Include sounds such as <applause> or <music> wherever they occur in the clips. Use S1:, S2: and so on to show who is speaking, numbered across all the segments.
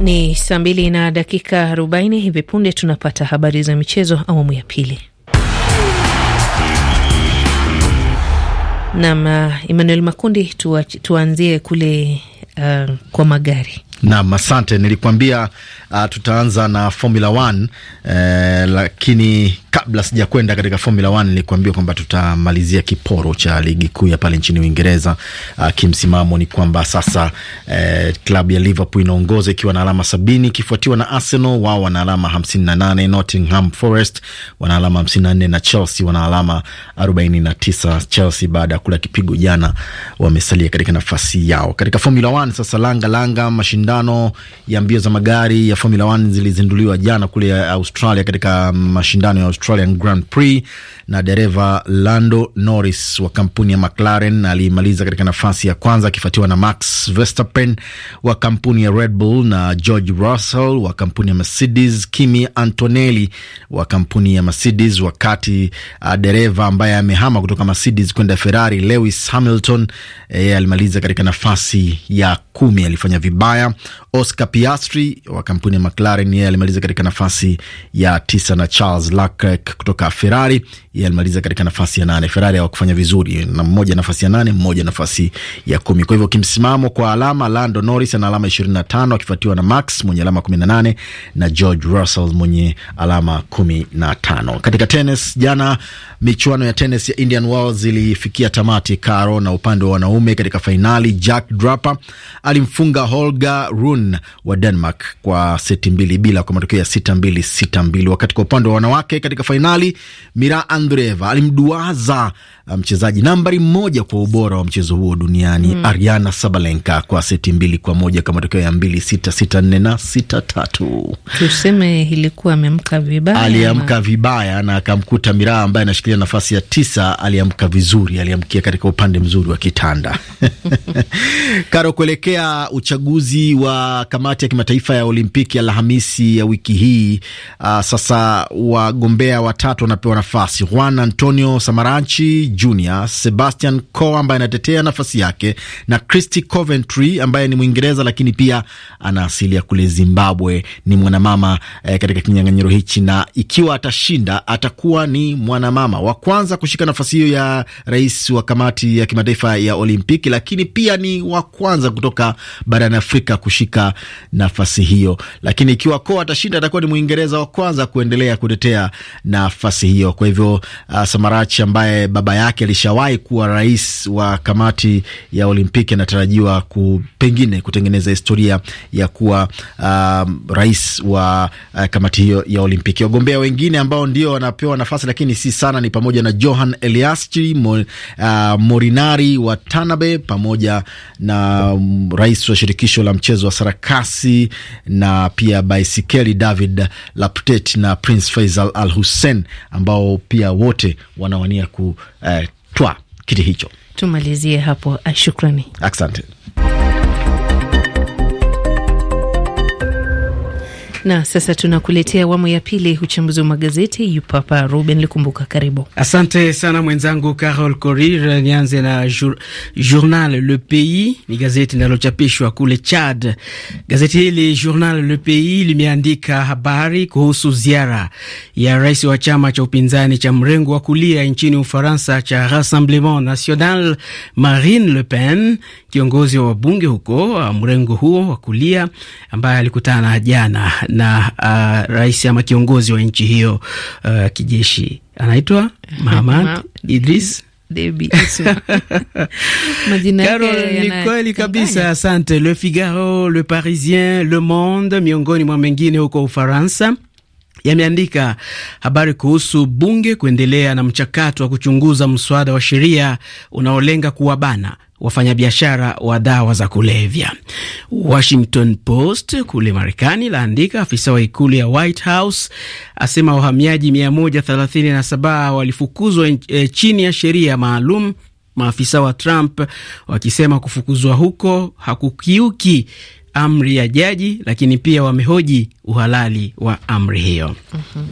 S1: Ni saa mbili na dakika arobaini. Hivi punde tunapata habari za michezo awamu ya pili. Nam uh, Emmanuel Makundi, tuwa, tuanzie kule uh, kwa magari
S2: Nam, asante. Nilikuambia uh, tutaanza na Formula 1 uh, eh, lakini kabla sijakwenda katika Formula 1 nilikuambia kwamba tutamalizia kiporo cha ligi kuu ya pale nchini Uingereza. Uh, kimsimamo ni kwamba sasa eh, klabu ya Liverpool inaongoza ikiwa na alama sabini ikifuatiwa na Arsenal, wao wana alama 58. Nottingham Forest wana alama 54 na Chelsea wana alama 49. Chelsea baada ya kula kipigo jana wamesalia katika nafasi yao katika Formula 1. Sasa langa langa, mashindano ya mbio za magari ya Formula 1 zilizinduliwa jana kule eh, Australia katika mashindano ya Australia Australian Grand Prix, na dereva Lando Norris wa kampuni ya McLaren alimaliza katika nafasi ya kwanza akifuatiwa na Max Verstappen wa kampuni ya Red Bull na George Russell wa kampuni ya Mercedes, Kimi Antonelli wa kampuni ya Mercedes, wakati uh, dereva ambaye amehama kutoka Mercedes kwenda Ferrari Lewis Hamilton eh, alimaliza katika nafasi ya kumi. Alifanya vibaya. Oscar Piastri wa kampuni ya McLaren yeye alimaliza katika nafasi ya tisa na Charles Leclerc Leclerc kutoka Ferrari, yeye alimaliza katika nafasi ya nane. Ferrari hawakufanya vizuri, na mmoja nafasi ya nane, mmoja nafasi ya kumi. Kwa hivyo kimsimamo kwa alama, Lando Norris ana alama 25 akifuatiwa na Max mwenye alama 18 na George Russell mwenye alama 15. Katika tenis jana, michuano ya tenis ya Indian Wells ilifikia tamati karo, na upande wa wanaume katika fainali Jack Draper alimfunga Holger Rune wa Denmark kwa seti mbili bila, kwa matokeo ya 6-2 6-2, wakati kwa upande wa wanawake katika katika fainali, Mira Andreeva alimduaza Uh, mchezaji nambari moja kwa ubora wa mchezo huo duniani mm. Ariana Sabalenka kwa seti mbili kwa moja kwa matokeo ya mbili sita sita nne na sita tatu.
S1: Tuseme ilikuwa amemka vibaya, aliamka
S2: vibaya na akamkuta Miraa ambaye anashikilia nafasi ya tisa. Aliamka vizuri, aliamkia katika upande mzuri wa kitanda <laughs> Karo, kuelekea uchaguzi wa kamati ya kimataifa ya Olimpiki Alhamisi ya wiki hii. Uh, sasa wagombea watatu wanapewa nafasi: Juan Antonio Samaranchi Junior, Sebastian Coe ambaye anatetea nafasi yake na Christy Coventry ambaye ni Mwingereza lakini pia ana asili ya kule Zimbabwe. Ni mwanamama eh, katika kinyang'anyiro hichi, na ikiwa atashinda atakuwa ni mwanamama wa kwanza kushika nafasi hiyo ya rais wa kamati ya kimataifa ya Olimpiki, lakini pia ni wa kwanza kutoka barani Afrika kushika nafasi hiyo. Lakini ikiwa Coe atashinda atakuwa ni Mwingereza wa kwanza kuendelea kutetea nafasi hiyo. Kwa hivyo uh, Samarachi ambaye baba yake yake alishawahi kuwa rais wa kamati ya Olimpiki, anatarajiwa ku, pengine kutengeneza historia ya kuwa um, rais wa uh, kamati hiyo ya Olimpiki. Wagombea wengine ambao ndio wanapewa nafasi lakini si sana ni pamoja na Johan Eliaschi mo, uh, Morinari wa Tanabe pamoja na um, rais wa shirikisho la mchezo wa sarakasi na pia baisikeli David Laptet na Prince Faisal Al Hussein ambao pia wote wanawania ku uh, twa kiti hicho.
S1: Tumalizie hapo, shukrani, asante. Na sasa tunakuletea awamu ya pili, uchambuzi wa magazeti. Yupo hapa Ruben Likumbuka, karibu.
S3: Asante sana mwenzangu Carol corir Nianze na jur, Journal Le Pays, ni gazeti linalochapishwa kule Chad. Gazeti hili Journal Le Pays limeandika habari kuhusu ziara ya rais wa chama cha upinzani cha mrengo wa kulia nchini Ufaransa cha Rassemblement National, Marine Le Pen kiongozi wa wabunge huko mrengo huo wa kulia ambaye alikutana jana na uh, rais ama kiongozi wa nchi hiyo uh, kijeshi anaitwa <laughs> Mahamad Idris <laughs> Carol, ni kweli kabisa. Asante. Le Figaro, Le Parisien, Le Monde miongoni mwa mengine huko Ufaransa yameandika habari kuhusu bunge kuendelea na mchakato wa kuchunguza mswada wa sheria unaolenga kuwabana wafanyabiashara wa dawa za kulevya. Washington Post kule Marekani laandika afisa wa ikulu ya White House asema wahamiaji 137 walifukuzwa e, chini ya sheria maalum, maafisa wa Trump wakisema kufukuzwa huko hakukiuki amri ya jaji, lakini pia wamehoji uhalali wa amri hiyo. uh mhm. -huh.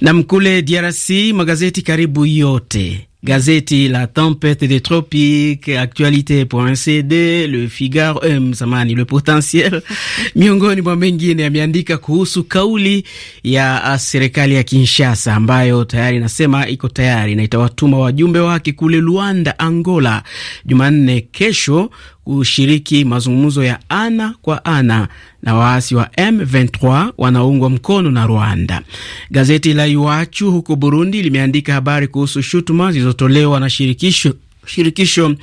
S3: Nam kule DRC magazeti karibu yote gazeti la Tempete des Actualite Actualite.cd, Le Figaro, eh, samani Le Potentiel <laughs> miongoni mwa mengine yameandika kuhusu kauli ya ah, serikali ya Kinshasa ambayo tayari inasema iko tayari na itawatuma wajumbe wake kule Luanda, Angola Jumanne kesho kushiriki mazungumzo ya ana kwa ana na waasi wa M23 wanaoungwa mkono na Rwanda. Gazeti la Iwachu huko Burundi limeandika habari kuhusu shutuma zilizotolewa na shirikisho shirikisho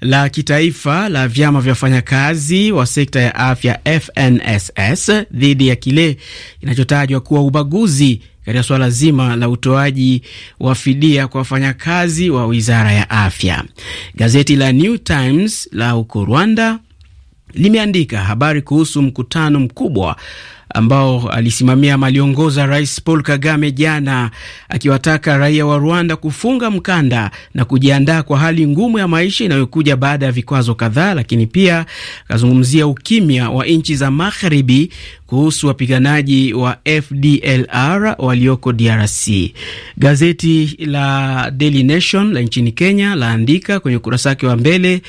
S3: la kitaifa la vyama vya wafanyakazi wa sekta ya afya FNSS dhidi ya kile kinachotajwa kuwa ubaguzi katika suala zima la utoaji wa fidia kwa wafanyakazi wa wizara ya afya. Gazeti la New Times la huko Rwanda limeandika habari kuhusu mkutano mkubwa ambao alisimamia maliongoza aliongoza Rais Paul Kagame jana, akiwataka raia wa Rwanda kufunga mkanda na kujiandaa kwa hali ngumu ya maisha inayokuja baada ya vikwazo kadhaa, lakini pia akazungumzia ukimya wa nchi za magharibi kuhusu wapiganaji wa FDLR walioko DRC. Gazeti la Daily Nation la nchini Kenya laandika kwenye ukurasa wake wa mbele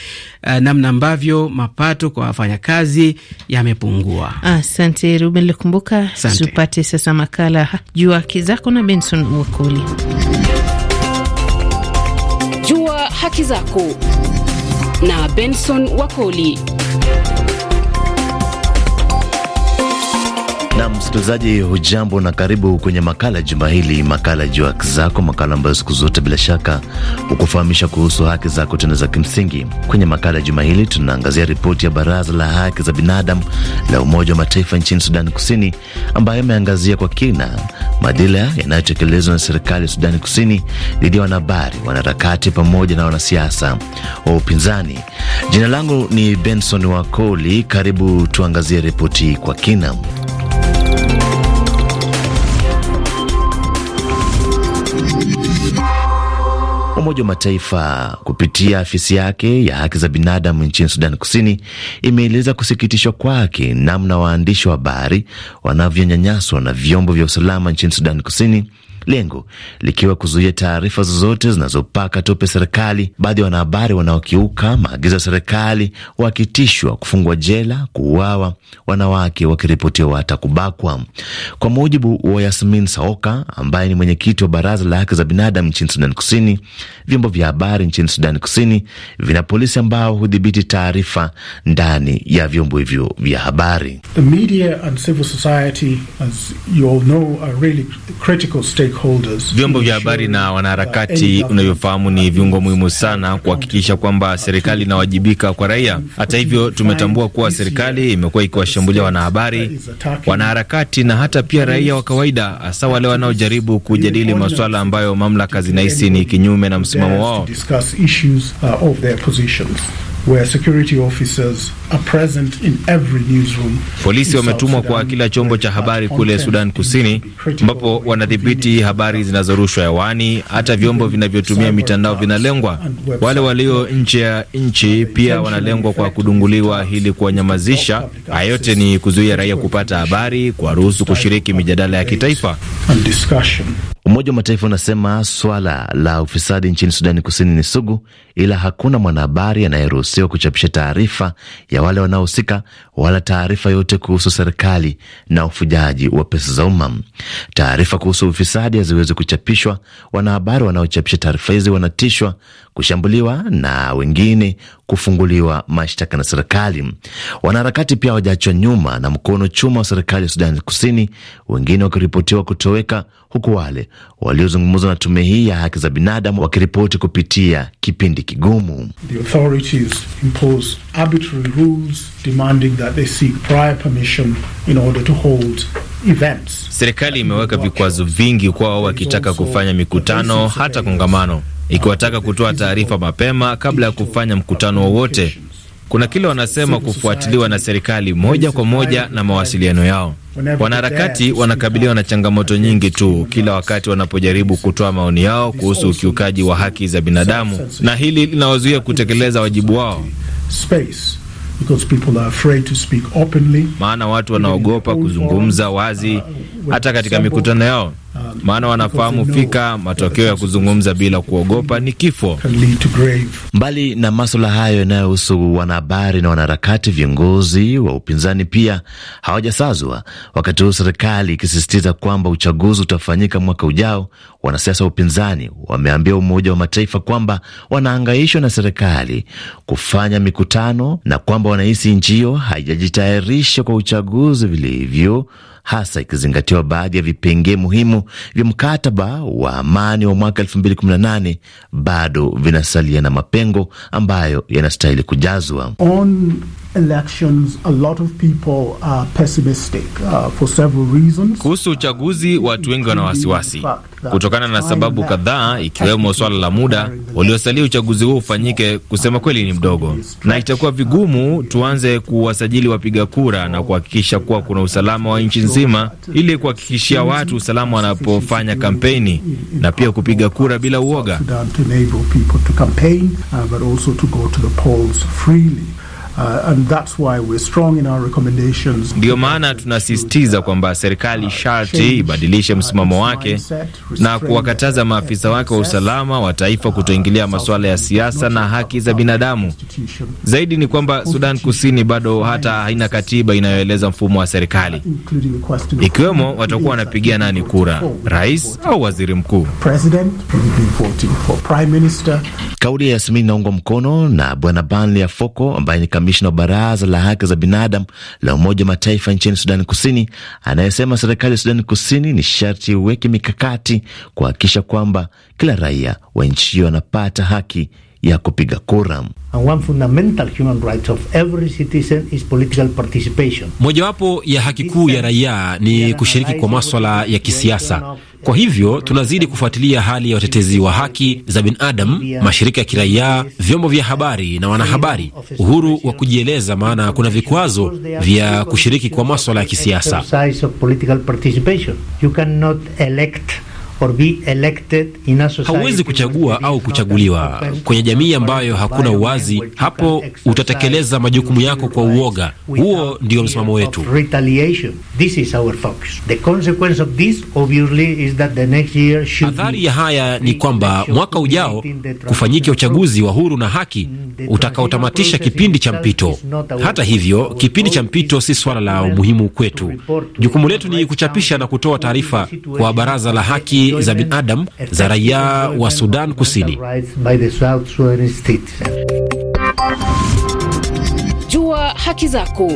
S3: uh, namna ambavyo mapato kwa wafanyakazi yamepungua.
S1: Asante Ruben Likumbuka. Tupate sasa makala Jua Haki Zako na Benson
S3: Wakoli. Jua Haki Zako na Benson Wakoli.
S4: Msikilizaji hujambo na karibu kwenye makala juma hili, makala juu haki zako, makala ambayo siku zote bila shaka hukufahamisha kuhusu haki zako tena za kimsingi. Kwenye makala juma hili tunaangazia ripoti ya Baraza la Haki za Binadamu la Umoja wa Mataifa nchini Sudani Kusini, ambayo imeangazia kwa kina madhila yanayotekelezwa na serikali ya Sudani Kusini dhidi ya wanahabari, wanaharakati pamoja na wanasiasa wa upinzani. Jina langu ni Benson Wakoli, karibu tuangazie ripoti kwa kina. Umoja wa Mataifa kupitia afisi yake ya haki za binadamu nchini Sudan Kusini imeeleza kusikitishwa kwake namna waandishi wa habari wanavyonyanyaswa na vyombo vya usalama nchini Sudan Kusini lengo likiwa kuzuia taarifa zozote zinazopaka tope serikali, baadhi ya wanahabari wanaokiuka maagizo ya serikali wakitishwa kufungwa jela, kuuawa, wanawake wakiripotiwa hata kubakwa. Kwa mujibu wa Yasmin Saoka ambaye ni mwenyekiti wa baraza la haki za binadamu nchini Sudan Kusini, vyombo vya habari nchini Sudan Kusini vina polisi ambao hudhibiti taarifa ndani ya vyombo hivyo vya habari.
S5: The media and civil society, as you all know, are really critical stakeholders
S6: Vyombo vya habari na wanaharakati, unavyofahamu, ni viungo muhimu sana kuhakikisha kwamba serikali inawajibika kwa raia. Hata hivyo, tumetambua kuwa serikali imekuwa ikiwashambulia wanahabari, wanaharakati na hata pia raia wa kawaida, hasa wale wanaojaribu kujadili masuala ambayo mamlaka zinahisi ni kinyume na msimamo wao.
S5: Where security officers are present in every newsroom.
S6: Polisi wametumwa kwa kila chombo cha habari kule Sudan Kusini ambapo wanadhibiti habari zinazorushwa hewani. Hata vyombo vinavyotumia mitandao vinalengwa. Wale walio nje ya nchi pia wanalengwa kwa kudunguliwa ili kuwanyamazisha. Haya yote ni kuzuia
S4: raia kupata habari, kuwaruhusu kushiriki mijadala ya kitaifa. Umoja wa Mataifa unasema swala la ufisadi nchini Sudani Kusini ni sugu ila hakuna mwanahabari anayeruhusiwa kuchapisha taarifa ya wale wanaohusika wala taarifa yote kuhusu serikali na ufujaji wa pesa za umma. Taarifa kuhusu ufisadi haziwezi kuchapishwa. Wanahabari wanaochapisha taarifa hizi wanatishwa, kushambuliwa na wengine kufunguliwa mashtaka na serikali. Wanaharakati pia hawajaachwa nyuma na mkono chuma wa serikali ya Sudani Kusini, wengine wakiripotiwa kutoweka, huku wale waliozungumza na tume hii ya haki za binadamu wakiripoti kupitia kipindi Kigumu.
S5: The authorities impose arbitrary rules demanding that they seek prior permission in order to hold events.
S6: Serikali imeweka vikwazo vingi kwao wakitaka kufanya mikutano hata kongamano, ikiwataka kutoa taarifa mapema kabla ya kufanya mkutano wowote. Kuna kile wanasema kufuatiliwa na serikali moja kwa moja na mawasiliano yao.
S5: Wanaharakati
S6: wanakabiliwa na changamoto nyingi tu kila wakati wanapojaribu kutoa maoni yao kuhusu ukiukaji wa haki za binadamu, na hili linawazuia kutekeleza wajibu wao. Maana watu wanaogopa kuzungumza wazi uh, hata katika mikutano yao maana wanafahamu
S4: fika matokeo ya kuzungumza bila kuogopa ni kifo. Mbali na maswala hayo yanayohusu wanahabari na wanaharakati, viongozi wa upinzani pia hawajasazwa, wakati huu serikali ikisisitiza kwamba uchaguzi utafanyika mwaka ujao. Wanasiasa wa upinzani wameambia Umoja wa Mataifa kwamba wanahangaishwa na serikali kufanya mikutano na kwamba wanahisi nchi hiyo haijajitayarisha kwa uchaguzi vilivyo, hasa ikizingatiwa baadhi ya vipengee muhimu vya mkataba wa amani wa mwaka 2018 bado vinasalia na mapengo ambayo yanastahili kujazwa
S5: On elections, a lot of people are pessimistic uh, for several reasons.
S6: Kuhusu uchaguzi watu wengi wana wasiwasi kutokana na sababu kadhaa, ikiwemo swala la muda uliosalia uchaguzi huo ufanyike, kusema kweli ni mdogo, na itakuwa vigumu tuanze kuwasajili wapiga kura na kuhakikisha kuwa kuna usalama wa nchi nzima, ili kuhakikishia watu usalama wanapofanya kampeni na pia kupiga kura bila uoga.
S5: Uh, Ndiyo
S6: maana tunasisitiza kwamba serikali uh, sharti ibadilishe uh, msimamo wake na kuwakataza maafisa wake wa usalama wa taifa kutoingilia masuala ya siasa na haki za binadamu. Zaidi ni kwamba Sudan Kusini bado hata haina katiba inayoeleza mfumo wa serikali, ikiwemo watakuwa wanapigia nani kura, rais au waziri
S4: mkuu. Kauli ya Yasmin inaungwa mkono na Bwana Banli Afoko ambaye ni kamishna wa baraza la haki za binadamu la Umoja wa Mataifa nchini Sudani Kusini, anayesema serikali ya Sudani Kusini ni sharti iweke mikakati kuhakikisha kwamba kila raia wa nchi hiyo anapata haki ya kupiga kura.
S7: Mojawapo ya haki kuu ya raia ni kushiriki kwa maswala ya kisiasa. Kwa hivyo tunazidi kufuatilia hali ya watetezi wa haki za binadamu, mashirika ya kiraia, vyombo vya habari na wanahabari, uhuru wa kujieleza, maana kuna vikwazo vya kushiriki kwa maswala ya kisiasa. Hauwezi kuchagua au kuchaguliwa kwenye jamii ambayo hakuna uwazi. Hapo utatekeleza majukumu yako kwa uoga. Huo ndio msimamo wetu. Athari ya haya ni kwamba mwaka ujao kufanyike uchaguzi wa huru na haki mm, utakaotamatisha kipindi cha mpito. Hata hivyo, kipindi cha mpito si swala la umuhimu kwetu. Jukumu letu ni kuchapisha na kutoa taarifa kwa Baraza la Haki za binadamu za raia wa Sudan Kusini.
S3: Jua haki zako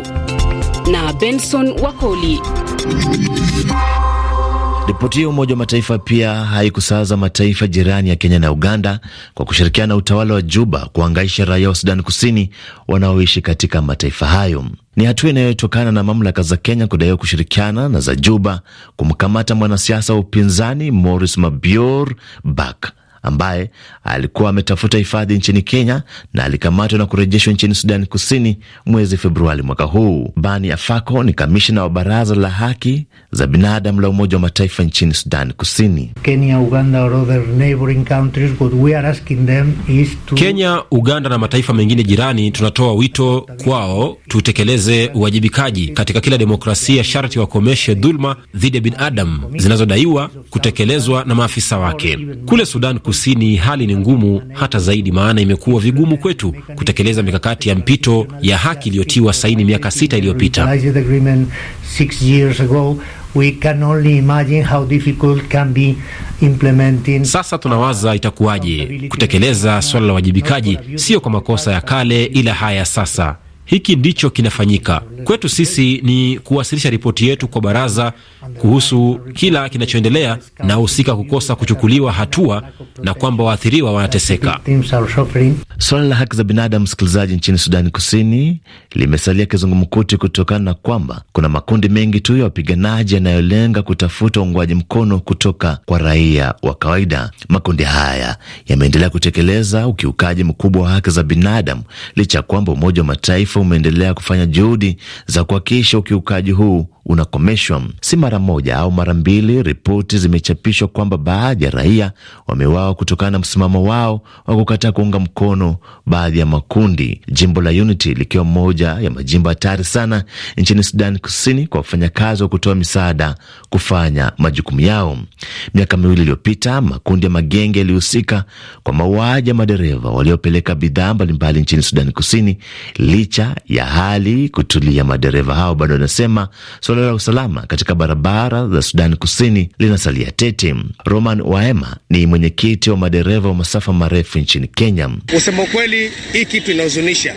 S3: na Benson Wakoli.
S4: Ripoti hiyo Umoja wa Mataifa pia haikusaza mataifa jirani ya Kenya na Uganda kwa kushirikiana na utawala wa Juba kuangaisha raia wa Sudan Kusini wanaoishi katika mataifa hayo. Ni hatua inayotokana na mamlaka za Kenya kudaiwa kushirikiana na za Juba kumkamata mwanasiasa wa upinzani moris Mabior Bak ambaye alikuwa ametafuta hifadhi nchini Kenya na alikamatwa na kurejeshwa nchini Sudani Kusini mwezi Februari mwaka huu. Bani Afako ni kamishna wa baraza la haki za binadamu la Umoja wa Mataifa nchini Sudani Kusini. Kenya, Uganda, or other neighboring countries, what we are asking them is to... Kenya, Uganda na mataifa
S7: mengine jirani, tunatoa wito kwao tutekeleze uwajibikaji katika kila demokrasia. Sharti wakomeshe dhuluma dhidi ya binadamu zinazodaiwa kutekelezwa na maafisa wake kule Sudan Kusini hali ni ngumu hata zaidi, maana imekuwa vigumu kwetu kutekeleza mikakati ya mpito ya haki iliyotiwa saini miaka sita iliyopita.
S4: We can only imagine how difficult can be implementing.
S7: Sasa tunawaza itakuwaje kutekeleza swala la wajibikaji, sio kwa makosa ya kale, ila haya sasa hiki ndicho kinafanyika kwetu. Sisi ni kuwasilisha ripoti yetu kwa baraza kuhusu kila kinachoendelea na husika kukosa kuchukuliwa hatua na kwamba waathiriwa wanateseka.
S4: Swala la haki za binadamu, msikilizaji, nchini Sudani Kusini limesalia kizungumkuti kutokana na kwamba kuna makundi mengi tu ya wapiganaji yanayolenga kutafuta uungwaji mkono kutoka kwa raia wa kawaida. Makundi haya yameendelea kutekeleza ukiukaji mkubwa wa haki za binadamu licha ya kwamba Umoja wa Mataifa umeendelea kufanya juhudi za kuhakikisha ukiukaji huu unakomeshwa. Si mara moja au mara mbili, ripoti zimechapishwa kwamba baadhi ya raia wamewawa kutokana na msimamo wao wa kukataa kuunga mkono baadhi ya makundi, jimbo la Unity likiwa moja ya majimbo hatari sana nchini Sudan Kusini kwa wafanyakazi wa kutoa misaada kufanya majukumu yao. Miaka miwili iliyopita, makundi ya magenge yalihusika kwa mauaji ya madereva waliopeleka bidhaa mbalimbali nchini Sudani Kusini. Licha ya hali kutulia, madereva hao bado wanasema so suala la usalama katika barabara za Sudani Kusini linasalia tete. Roman Waema ni mwenyekiti wa madereva wa masafa marefu nchini Kenya.
S2: Kusema ukweli, hii kitu inahuzunisha.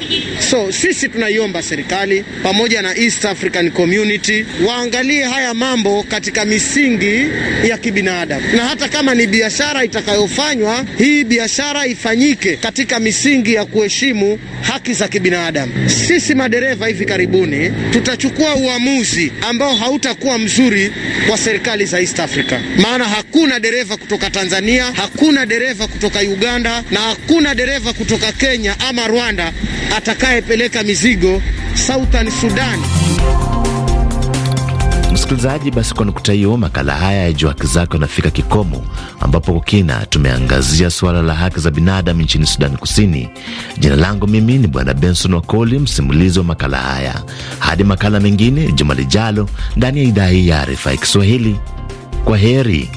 S2: So sisi tunaiomba serikali pamoja na East African Community waangalie haya mambo katika misingi ya kibinadamu, na hata kama ni biashara itakayofanywa, hii biashara ifanyike katika misingi ya kuheshimu haki za kibinadamu. Sisi madereva hivi karibuni tutachukua uamuzi ambao hautakuwa mzuri kwa serikali za East Africa, maana hakuna dereva kutoka Tanzania, hakuna dereva kutoka Uganda na hakuna dereva kutoka Kenya ama Rwanda atakayepeleka mizigo Southern Sudan.
S4: Msikilizaji, basi kwa nukta hiyo, makala haya ya Jua Haki Zako yanafika kikomo, ambapo kwa kina tumeangazia suala la haki za binadamu nchini Sudani Kusini. Jina langu mimi ni Bwana Benson Wakoli, msimulizi wa makala haya. Hadi makala mengine juma lijalo ndani ya idhaa hii ya Arifa ya Kiswahili. Kwa heri.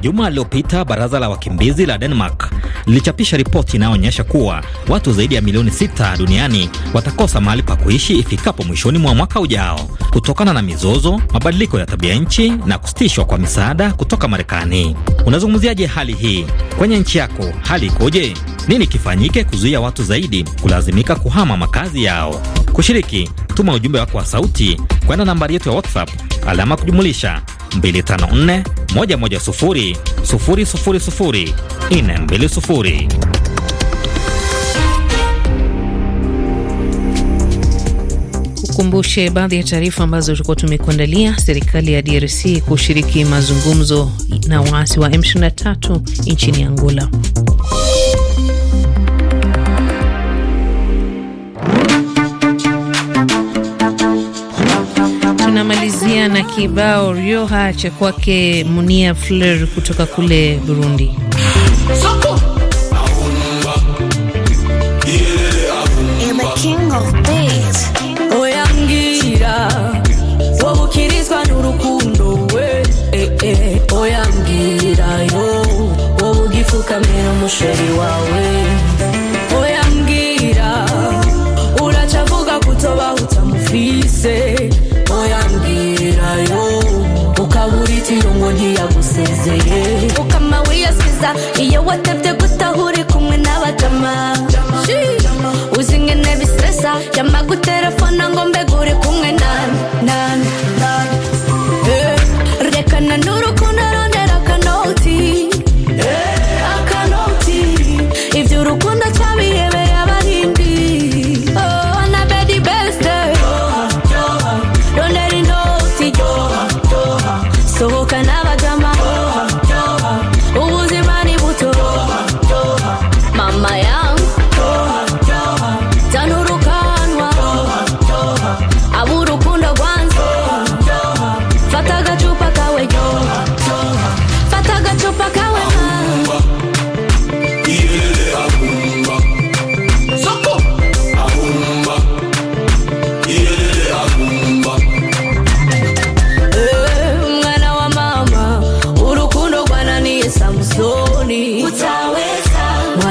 S6: Juma aliyopita baraza la wakimbizi la Denmark lilichapisha ripoti inayoonyesha kuwa watu zaidi ya milioni sita duniani watakosa mahali pa kuishi ifikapo mwishoni mwa mwaka ujao kutokana na mizozo, mabadiliko ya tabia nchi na kusitishwa kwa misaada kutoka Marekani. Unazungumziaje hali hii kwenye nchi yako? Hali ikoje? Nini kifanyike kuzuia watu zaidi kulazimika kuhama makazi yao? Kushiriki, tuma ujumbe wako wa sauti kwenda nambari yetu ya WhatsApp alama kujumulisha 254 110
S1: baadhi ya taarifa ambazo tulikuwa tumekuandalia. Serikali ya DRC kushiriki mazungumzo na waasi wa M23 nchini Angola. na kibao ryoha cha kwake Munia Fleur kutoka kule Burundi.
S8: Eh, eh. Oyangira yo wowe mero umusheri wawe ntiyagusezeye ukama wiyasiza iyo watabye gutaha kumwe n'abajama uzi nkene biseresa yama guterefona ngo mbe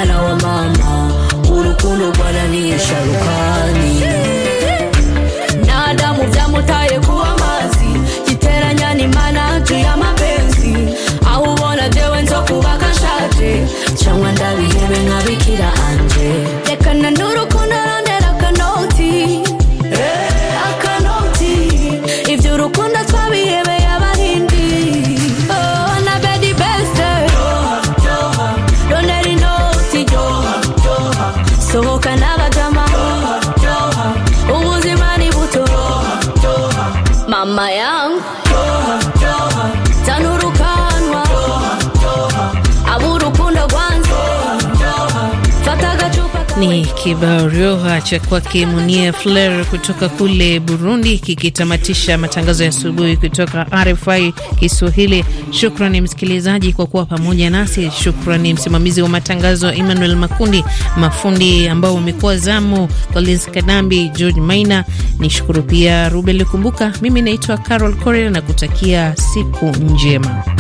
S8: vijana wa mama kulukulu bwana ni sharukani na damu vyamutaye kuwa mazi ni mana juu ya mapenzi auwona jewe nzokubakashaje cyangwa nkabikira anje mama yangu.
S1: Ni kibao rioha cha kwake Munie Flair kutoka kule Burundi, kikitamatisha matangazo ya asubuhi kutoka RFI Kiswahili. Shukrani msikilizaji kwa kuwa pamoja nasi. Shukrani msimamizi wa matangazo Emmanuel Makundi, mafundi ambao wamekuwa zamu Collins Kadambi, George Maina. Nishukuru pia Ruben Likumbuka. Mimi naitwa Carol Corel na kutakia siku
S8: njema.